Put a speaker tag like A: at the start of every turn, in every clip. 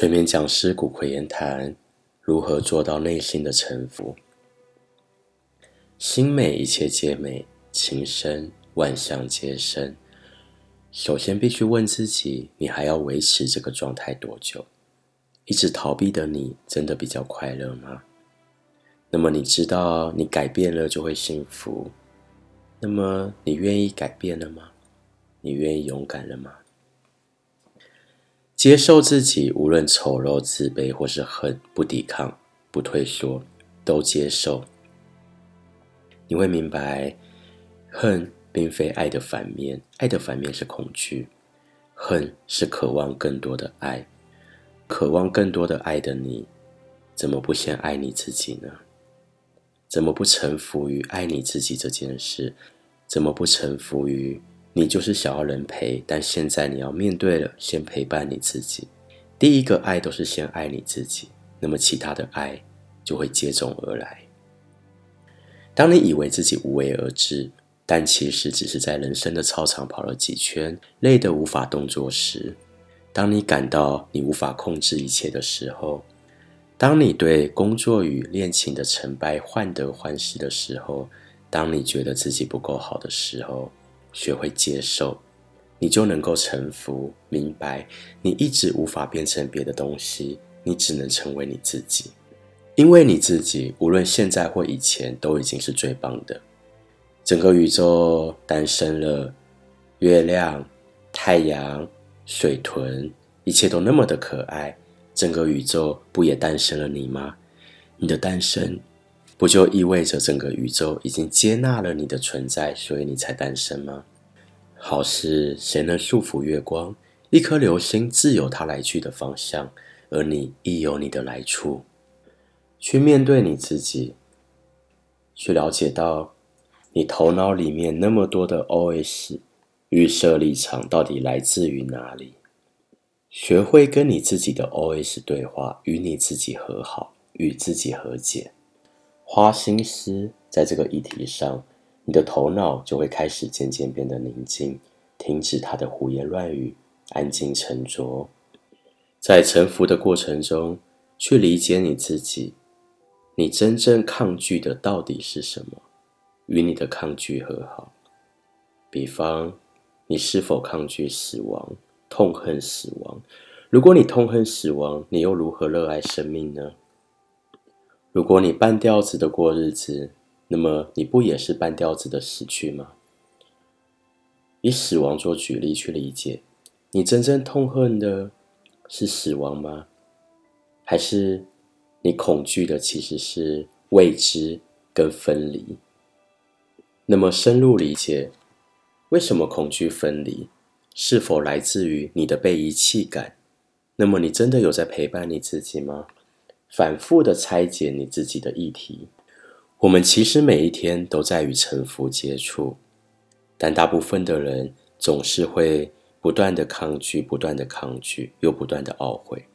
A: 催眠講師古馗言談，如何做到內心的臣服？心美，一切皆美；情深，萬象皆深。首先，必須問自己：你還要維持這個狀態多久？一直逃避的你，真的比較快樂嗎？那麼，你知道你改變了就會幸福。那麼，你願意改變了嗎？你願意勇敢了嗎？接受自己，無論醜陋、自卑或是恨，不抵抗，不退縮，都接受。你會明白，恨並非愛的反面，愛的反面是恐懼，恨是渴望更多的愛。渴望更多的愛的你，怎麼不先愛你自己呢？怎麼不臣服於愛你自己這件事？怎麼不臣服於？你就是想要人陪，但現在你要面對了，先陪伴你自己。第一個愛都是先愛你自己，那麼其他的愛就會接踵而來。當你以為自己無為而治，但其實只是在人生的操場跑了幾圈，累得無法動作時；當你感到你無法控制一切的時候；當你對工作與戀情的成敗患得患失的時候；當你覺得自己不夠好的時候。學會接受，你就能夠臣服，明白你一直無法變成別的東西，你只能成為你自己，因為你自己，無論現在或以前，都已經是最棒的。整個宇宙誕生了月亮、太陽、水豚，一切都那麼的可愛。整個宇宙不也誕生了你嗎？你的誕生，不就意味着整個宇宙已經接納了你的存在，所以你才誕生嗎？好似，誰能束縛月光？一顆流星自有它來去的方向，而你亦有你的來處。去面對你自己，去了解到你頭腦裡面那麼多的 OS 預設立場到底來自於哪裡？學會跟你自己的 OS 對話，與你自己和好，與自己和解。花心思在這個議題上，你的頭腦就會開始漸漸變得寧靜，停止他的胡言亂語，安靜沉着。在臣服的過程中，去理解你自己，你真正抗拒的到底是什麼？與你的抗拒和好。比方，你是否抗拒死亡，痛恨死亡？如果你痛恨死亡，你又如何熱愛生命呢？如果你半吊子的過日子，那麼你不也是半吊子的死去嗎？以死亡做舉例去理解，你真正痛恨的是死亡嗎？還是你恐懼的其實是未知跟分離？那麼深入理解，為什麼恐懼分離，是否來自於你的被遺棄感？那麼你真的有在陪伴你自己嗎？反復的拆解你自己的議題，我們其實每一天都在與臣服接觸，但大部分的人總是會不斷的抗拒，不斷的抗拒，又不斷的懊悔。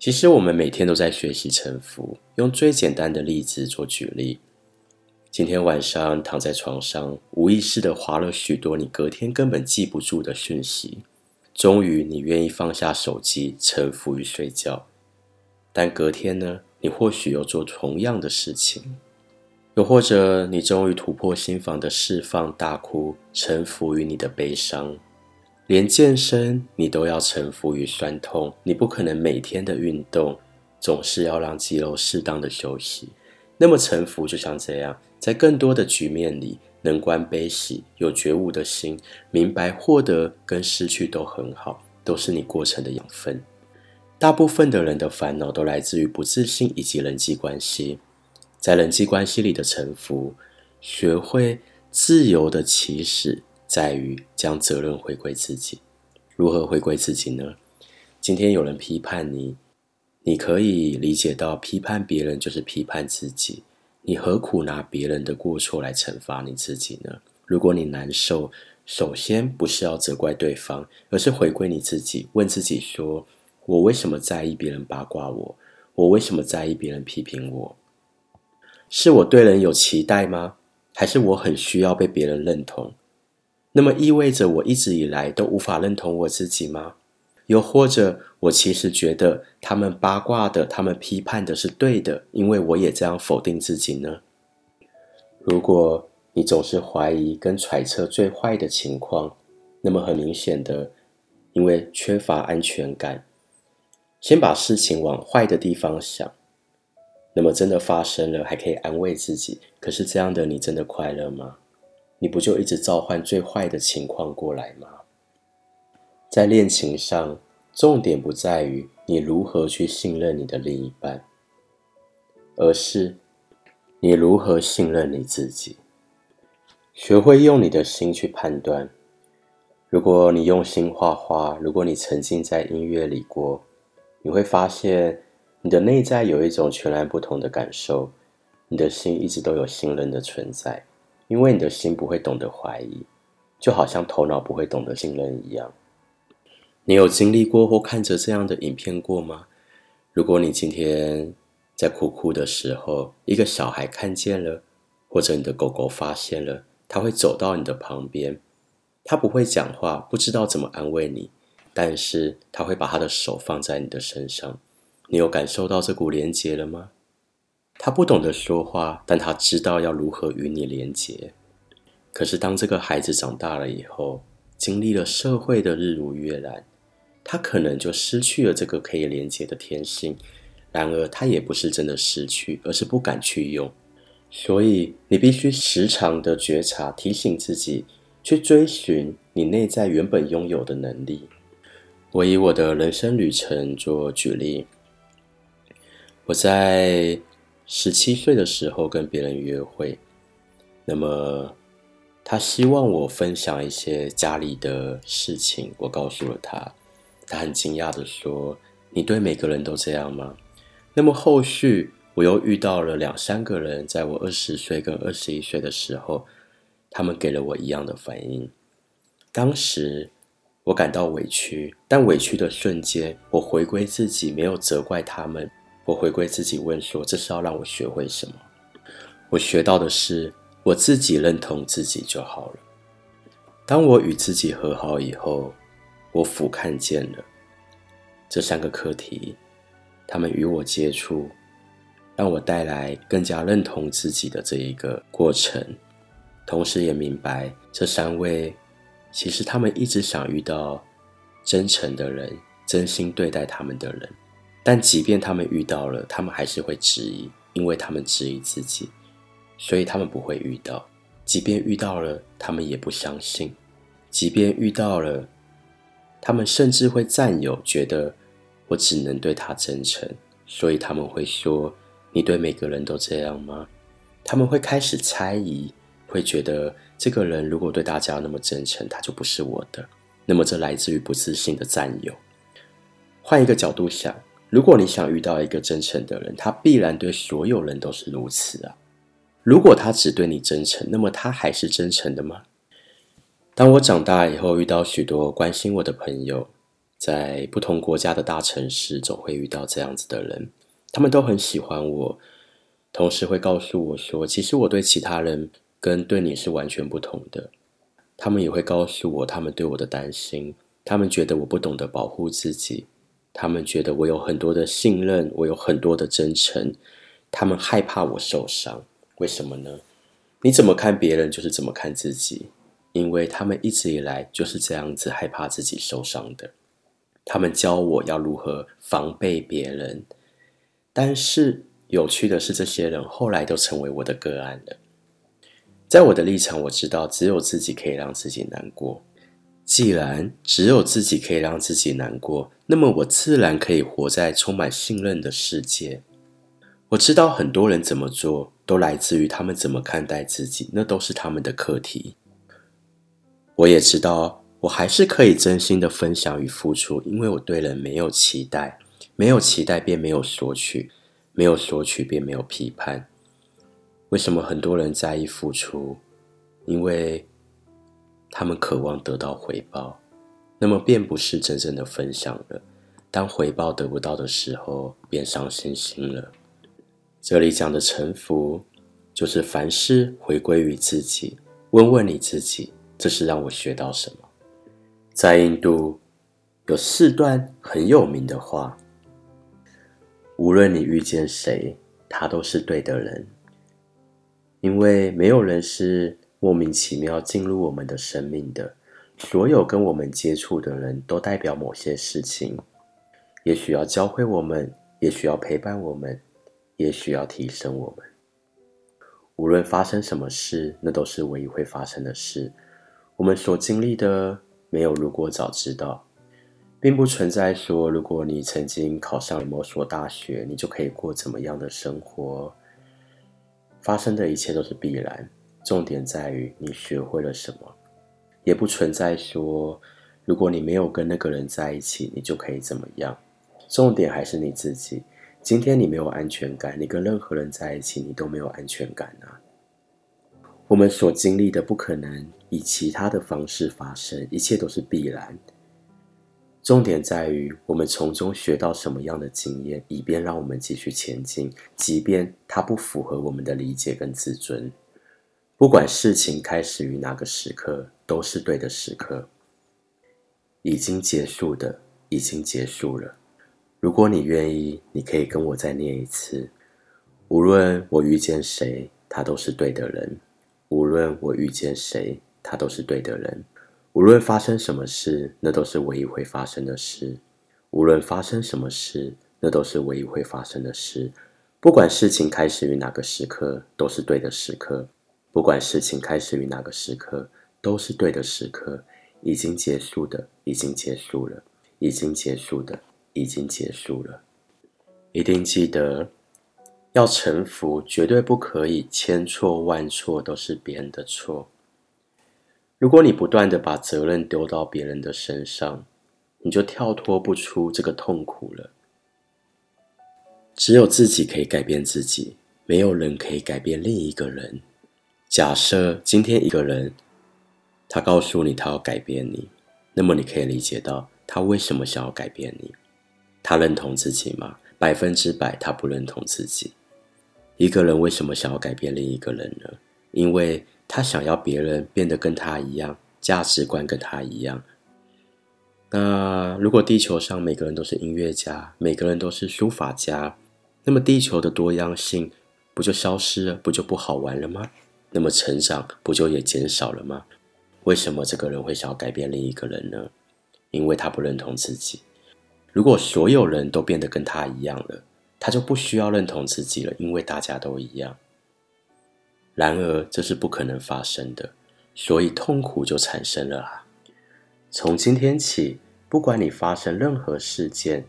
A: 其實我們每天都在學習臣服。用最簡單的例子做舉例，今天晚上躺在床上，無意識的滑了許多你隔天根本記不住的訊息，終於你願意放下手機，臣服於睡覺。但隔天呢？你或許有做同樣的事情，又或者你終於突破心防的釋放，大哭，臣服於你的悲傷。連健身，你都要臣服於酸痛，你不可能每天的運動，總是要讓肌肉適當的休息。那麼臣服就像這樣，在更多的局面裡，能觀悲喜，有覺悟的心，明白獲得跟失去都很好，都是你過程的養分。大部分的人的煩惱都來自於不自信，以及人際關係，在人際關係裡的沉浮。學會自由的起始，在於將責任回歸自己。如何回歸自己呢？今天有人批判你，你可以理解到批判別人就是批判自己。你何苦拿別人的過錯來懲罰你自己呢？如果你難受，首先不是要責怪對方，而是回歸你自己，問自己說，我為什麼在意別人八卦我？我為什麼在意別人批評我？是我對人有期待嗎？還是我很需要被別人認同？那麼意味着我一直以來都無法認同我自己嗎？又或者我其實覺得他們八卦的、他們批判的是對的，因為我也這樣否定自己呢？如果你總是懷疑跟揣測最壞的情況，那麼很明顯的，因為缺乏安全感。先把事情往壞的地方想，那麼真的發生了還可以安慰自己。可是這樣的你真的快樂嗎？你不就一直召喚最壞的情況過來嗎？在戀情上，重點不在於你如何去信任你的另一半，而是你如何信任你自己。學會用你的心去判斷。如果你用心畫畫，如果你曾經在音樂裡過。你會發現，你的內在有一種全然不同的感受，你的心一直都有信任的存在，因為你的心不會懂得懷疑，就好像頭腦不會懂得信任一樣。你有經歷過或看着這樣的影片過嗎？如果你今天在哭哭的時候，一個小孩看見了，或者你的狗狗發現了，它會走到你的旁邊，它不會講話，不知道怎麼安慰你。但是他會把他的手放在你的身上，你有感受到這股連接了嗎？他不懂得說話，但他知道要如何與你連接。可是當這個孩子長大了以後，經歷了社會的日濡月染，他可能就失去了這個可以連接的天性。然而他也不是真的失去，而是不敢去用。所以你必須時常的覺察，提醒自己，去追尋你內在原本擁有的能力。我以我的人生旅程做舉例。我在十七歲的時候跟別人約會，那麼他希望我分享一些家裡的事情，我告訴了他，他很驚訝地說：“你對每個人都這樣嗎？”那麼後續我又遇到了兩三個人，在我二十歲跟二十一歲的時候，他們給了我一樣的反應。當時。我感到委屈，但委屈的瞬間，我回歸自己，沒有責怪他們。我回歸自己，問說：“這是要讓我學會什麼？”我學到的是，我自己認同自己就好了。當我與自己和好以後，我俯瞰見了這三個課題，他們與我接觸，讓我帶來更加認同自己的這一個過程，同時也明白這三位。其實他們一直想遇到真誠的人、真心對待他們的人，但即便他們遇到了，他們還是會質疑，因為他們質疑自己，所以他們不會遇到。即便遇到了，他們也不相信。即便遇到了，他們甚至會佔有，覺得我只能對他真誠，所以他們會說：“你對每個人都這樣嗎？”他們會開始猜疑，會覺得。這個人如果對大家那麼真誠，他就不是我的。那麼這來自於不自信的佔有。換一個角度想，如果你想遇到一個真誠的人，他必然對所有人都是如此啊。如果他只對你真誠，那麼他還是真誠的嗎？當我長大以後，遇到許多關心我的朋友，在不同國家的大城市，總會遇到這樣子的人，他們都很喜歡我，同時會告訴我說，其實我對其他人。跟對你是完全不同的。他們也會告訴我他們對我的擔心，他們覺得我不懂得保護自己，他們覺得我有很多的信任，我有很多的真誠，他們害怕我受傷。為什麼呢？你怎麼看別人，就是怎麼看自己，因為他們一直以來就是這樣子害怕自己受傷的。他們教我要如何防備別人，但是有趣的是，這些人後來都成為我的個案了。在我的立場，我知道只有自己可以讓自己難過。既然只有自己可以讓自己難過，那麼我自然可以活在充滿信任的世界。我知道很多人怎麼做，都來自於他們怎麼看待自己，那都是他們的課題。我也知道，我還是可以真心的分享與付出，因為我對人沒有期待，沒有期待便沒有索取，沒有索取便沒有批判。為什麼很多人在意付出？因為他們渴望得到回報。那麼便不是真正的分享了。當回報得不到的時候，便傷心心了。這裡講的臣服，就是凡事回歸於自己。問問你自己，這是讓我學到什麼？在印度有四段很有名的話。無論你遇見誰，他都是對的人。因為沒有人是莫名其妙進入我們的生命的，所有跟我們接觸的人都代表某些事情，也許要教會我們，也許要陪伴我們，也許要提升我們。無論發生什麼事，那都是唯一會發生的事。我們所經歷的，沒有如果早知道。並不存在說，如果你曾經考上了某所大學，你就可以過怎麼樣的生活。發生的一切都是必然，重點在於你學會了什麼。也不存在說，如果你沒有跟那個人在一起，你就可以怎麼樣。重點還是你自己，今天你沒有安全感，你跟任何人在一起，你都沒有安全感啊。我們所經歷的不可能以其他的方式發生，一切都是必然。重點在於我們從中學到什麼樣的經驗，以便讓我們繼續前進，即便它不符合我們的理解跟自尊。不管事情開始於哪個時刻，都是對的時刻。已經結束的，已經結束了。如果你願意，你可以跟我再念一次：無論我遇見誰，他都是對的人。無論我遇見誰，他都是對的人。無論發生什麼事，那都是唯一會發生的事。無論發生什麼事，那都是唯一會發生的事。不管事情開始於哪個時刻，都是對的時刻。不管事情開始於哪個時刻，都是對的時刻。已經結束的，已經結束了。已經結束的，已經結束了。一定記得，要臣服，絕對不可以，千錯萬錯都是別人的錯。如果你不斷地把責任丟到別人的身上，你就跳脫不出這個痛苦了。只有自己可以改變自己，沒有人可以改變另一個人。假設今天一個人，他告訴你他要改變你，那麼你可以理解到他為什麼想要改變你。他認同自己嗎？百分之百他不認同自己。一個人為什麼想要改變另一個人呢？因為他想要別人變得跟他一樣，價值觀跟他一樣。那如果地球上每個人都是音樂家，每個人都是書法家，那麼地球的多樣性不就消失了，不就不好玩了嗎？那麼成長不就也減少了嗎？為什麼這個人會想要改變另一個人呢？因為他不認同自己。如果所有人都變得跟他一樣了，他就不需要認同自己了，因為大家都一樣。然而這是不可能發生的，所以痛苦就產生了啦。從今天起，不管你發生任何事件，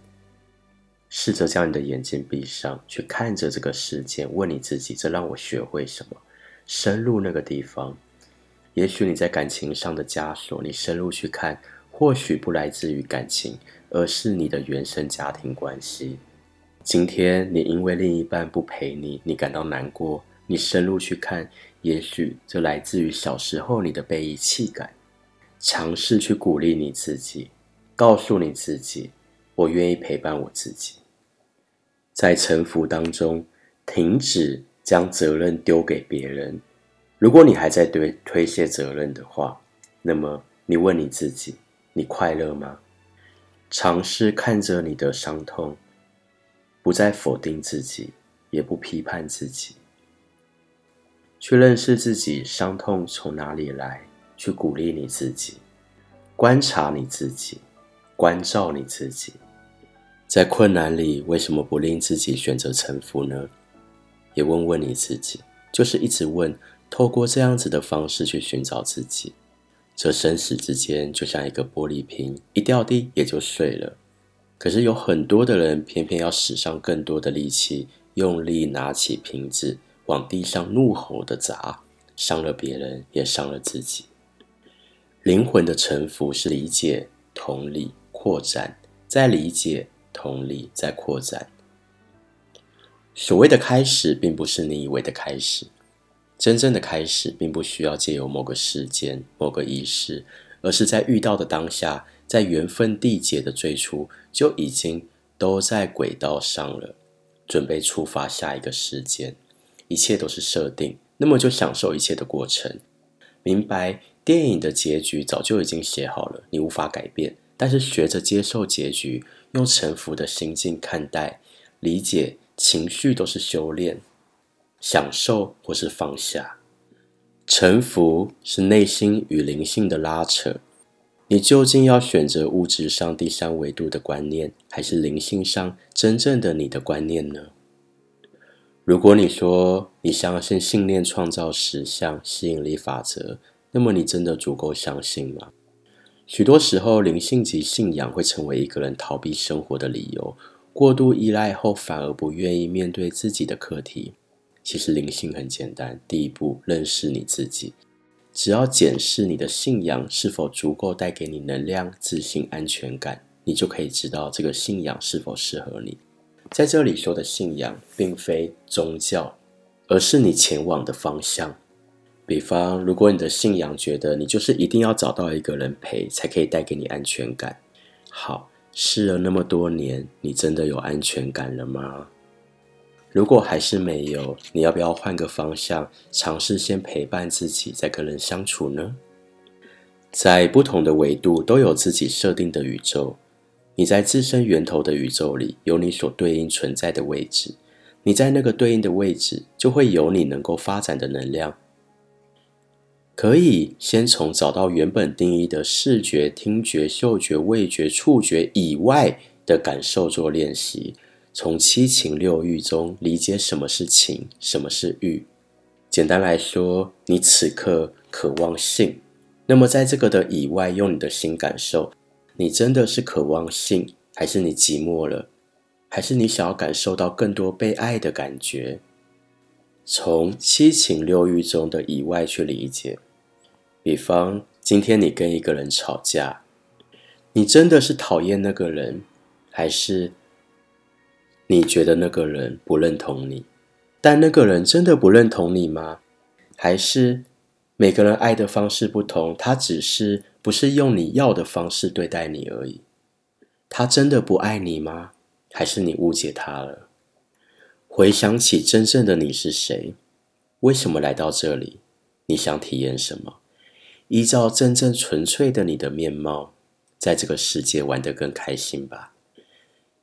A: 試着將你的眼睛閉上，去看着這個事件，問你自己：這讓我學會什麼？深入那個地方，也許你在感情上的枷鎖，你深入去看，或許不來自於感情，而是你的原生家庭關係。今天你因為另一半不陪你，你感到難過。你深入去看，也許這來自於小時候你的被遺棄感。嘗試去鼓勵你自己，告訴你自己：“我願意陪伴我自己。”在臣服當中，停止將責任丟給別人。如果你還在推推卸責任的話，那麼你問你自己：“你快樂嗎？”嘗試看着你的傷痛，不再否定自己，也不批判自己。去認識自己，傷痛從哪裡來？去鼓勵你自己，觀察你自己，關照你自己。在困難裡，為什麼不令自己選擇臣服呢？也問問你自己，就是一直問。透過這樣子的方式去尋找自己，這生死之間就像一個玻璃瓶，一掉地也就碎了。可是有很多的人，偏偏要使上更多的力氣，用力拿起瓶子。往地上怒吼的砸，傷了別人，也傷了自己。靈魂的臣服是理解、同理、擴展，再理解、同理，再擴展。所謂的開始，並不是你以為的開始。真正的開始，並不需要借由某個時間、某個儀式，而是在遇到的當下，在緣分締結的最初，就已經都在軌道上了，準備出發下一個時間。一切都是設定，那麼就享受一切的過程。明白電影的結局早就已經寫好了，你無法改變。但是學着接受結局，用臣服的心境看待、理解情緒都是修煉，享受或是放下。臣服是內心與靈性的拉扯。你究竟要選擇物質上第三維度的觀念，還是靈性上真正的你的觀念呢？如果你說你相信信念創造實相吸引力法則，那麼你真的足夠相信嗎？許多時候，靈性及信仰會成為一個人逃避生活的理由，過度依賴後反而不願意面對自己的課題。其實靈性很簡單，第一步，認識你自己，只要檢視你的信仰是否足夠帶給你能量、自信、安全感，你就可以知道這個信仰是否適合你。在這裡說的信仰，並非宗教，而是你前往的方向。比方，如果你的信仰覺得你就是一定要找到一個人陪，才可以帶給你安全感，好，試了那麼多年，你真的有安全感了嗎？如果還是沒有，你要不要換個方向，嘗試先陪伴自己，再跟人相處呢？在不同的維度，都有自己設定的宇宙。你在自身源頭的宇宙裡，有你所對應存在的位置。你在那個對應的位置，就會有你能夠發展的能量。可以先從找到原本定義的視覺、聽覺、嗅覺、味覺、觸覺以外的感受做練習，從七情六慾中理解什麼是情，什麼是慾。簡單來說，你此刻渴望性，那麼在這個的以外，用你的心感受。你真的是渴望性，還是你寂寞了，還是你想要感受到更多被愛的感覺？從七情六欲中的以外去理解。比方，今天你跟一個人吵架，你真的是討厭那個人，還是你覺得那個人不認同你？但那個人真的不認同你嗎？還是每個人愛的方式不同，他只是。不是用你要的方式對待你而已，他真的不愛你嗎？還是你誤解他了？回想起真正的你是誰？為什麼來到這裡？你想體驗什麼？依照真正純粹的你的面貌，在這個世界玩得更開心吧。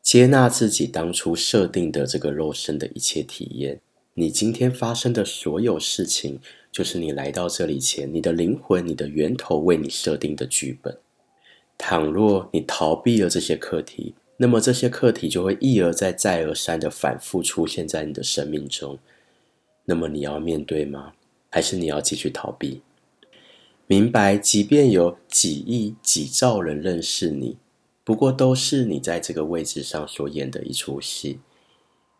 A: 接納自己當初設定的這個肉身的一切體驗。你今天發生的所有事情，就是你來到這裡前，你的靈魂、你的源頭為你設定的劇本。倘若你逃避了這些課題，那麼這些課題就會一而再、再而三地反覆出現在你的生命中。那麼你要面對嗎？還是你要繼續逃避？明白，即便有幾億、幾兆人認識你，不過都是你在這個位置上所演的一齣戲。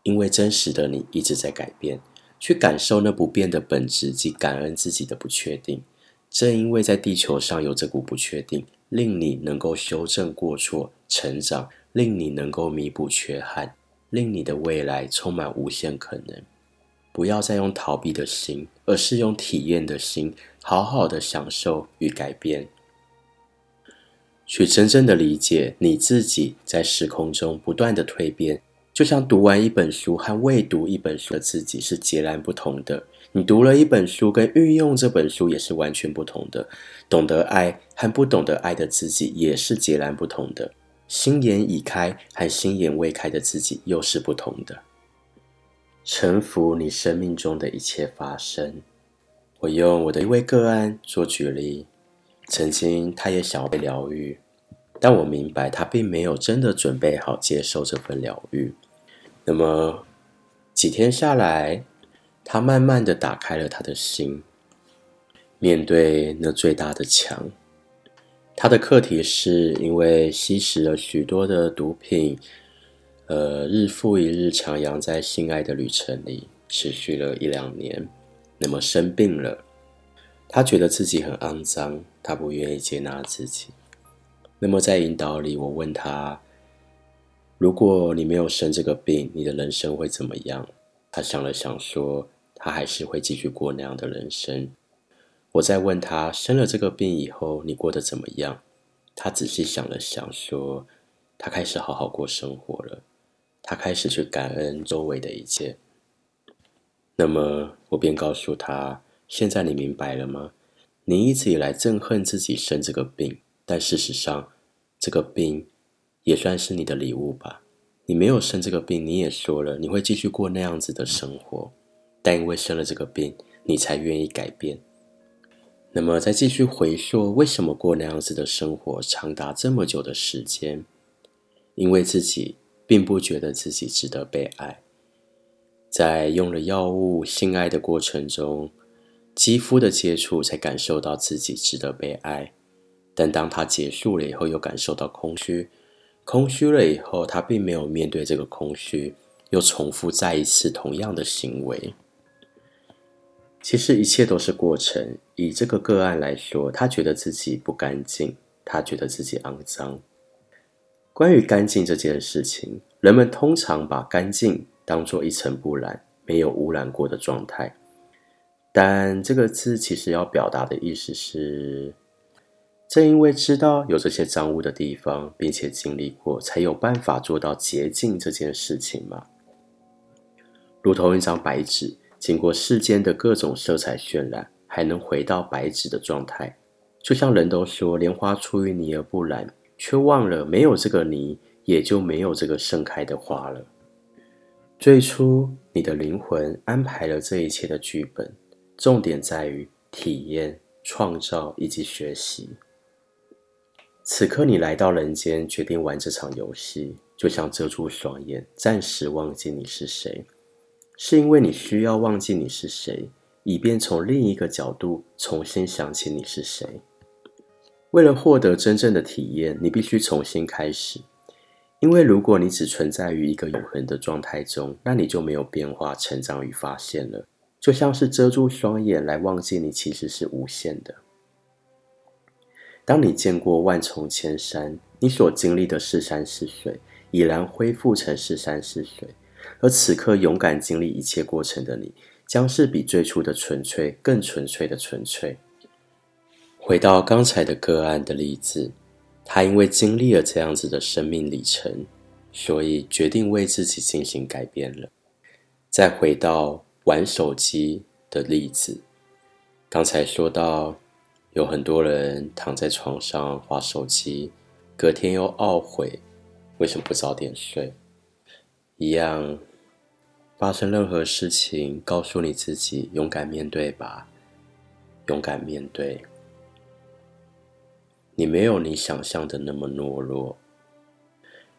A: 因為真實的你一直在改變，去感受那不變的本質及感恩自己的不確定。正因為在地球上有這股不確定，令你能夠修正過錯、成長，令你能夠彌補缺憾，令你的未來充滿無限可能。不要再用逃避的心，而是用體驗的心，好好的享受與改變，去真正的理解你自己在時空中不斷的蛻變。就像讀完一本書和未讀一本書的自己是截然不同的，你讀了一本書跟運用這本書也是完全不同的，懂得愛和不懂得愛的自己也是截然不同的，心眼已開和心眼未開的自己又是不同的。臣服你生命中的一切發生，我用我的一位個案做舉例，曾經他也想要被療癒，但我明白他並沒有真的準備好接受這份療癒。那麼幾天下來，他慢慢的打開了他的心，面對那最大的牆。他的課題是因為吸食了許多的毒品，呃，日復一日徜徉在心愛的旅程裡，持續了一兩年。那麼生病了，他覺得自己很骯髒，他不願意接納自己。那麼在引導裡，我問他。如果你沒有生這個病，你的人生會怎麼樣？他想了想說：“他還是會繼續過那樣的人生。”我再問他：“生了這個病以後，你過得怎麼樣？”他仔細想了想說：“他開始好好過生活了，他開始去感恩周圍的一切。”那麼，我便告訴他：“現在你明白了嗎？你一直以來憎恨自己生這個病，但事實上，這個病……”也算是你的禮物吧。你沒有生這個病，你也說了你會繼續過那樣子的生活，但因為生了這個病，你才願意改變。那麼再繼續回溯，為什麼過那樣子的生活長達這麼久的時間？因為自己並不覺得自己值得被愛，在用了藥物性愛的過程中，肌膚的接觸才感受到自己值得被愛，但當它結束了以後，又感受到空虛。空虛了以後，他並沒有面對這個空虛，又重複再一次同樣的行為。其實一切都是過程。以這個個案來說，他覺得自己不乾淨，他覺得自己骯髒。關於乾淨這件事情，人們通常把乾淨當做一塵不染、沒有污染過的狀態，但這個字其實要表達的意思是。正因為知道有這些髒汙的地方，並且經歷過，才有辦法做到潔淨這件事情嘛。如同一張白紙，經過世間的各種色彩渲染，還能回到白紙的狀態。就像人都說蓮花出淤泥而不染，卻忘了沒有這個泥，也就沒有這個盛開的花了。最初，你的靈魂安排了這一切的劇本，重點在於體驗、創造以及學習。此刻你來到人間，決定玩這場遊戲，就像遮住雙眼，暫時忘記你是誰，是因為你需要忘記你是誰，以便從另一個角度重新想起你是誰。為了獲得真正的體驗，你必須重新開始，因為如果你只存在於一個永恆的狀態中，那你就沒有變化、成長與發現了。就像是遮住雙眼來忘記你，其實是無限的。當你見過萬重千山，你所經歷的是山是水，已然恢復成是山是水。而此刻勇敢經歷一切過程的你，將是比最初的純粹更純粹的純粹。回到剛才的個案的例子，他因為經歷了這樣子的生命里程，所以決定為自己進行改變了。再回到玩手機的例子，剛才說到……有很多人躺在床上滑手機，隔天又懊悔，為什麼不早點睡？一樣，發生任何事情，告訴你自己，勇敢面對吧，勇敢面對。你沒有你想象的那麼懦弱。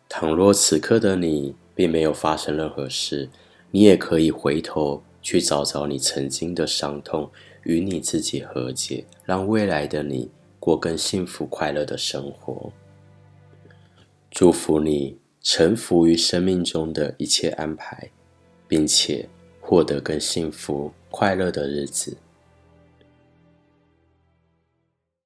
A: 倘若此刻的你並沒有發生任何事，你也可以回頭去找找你曾經的傷痛。與你自己和解，讓未來的你過更幸福快樂的生活。祝福你臣服於生命中的一切安排，並且獲得更幸福快樂的日子。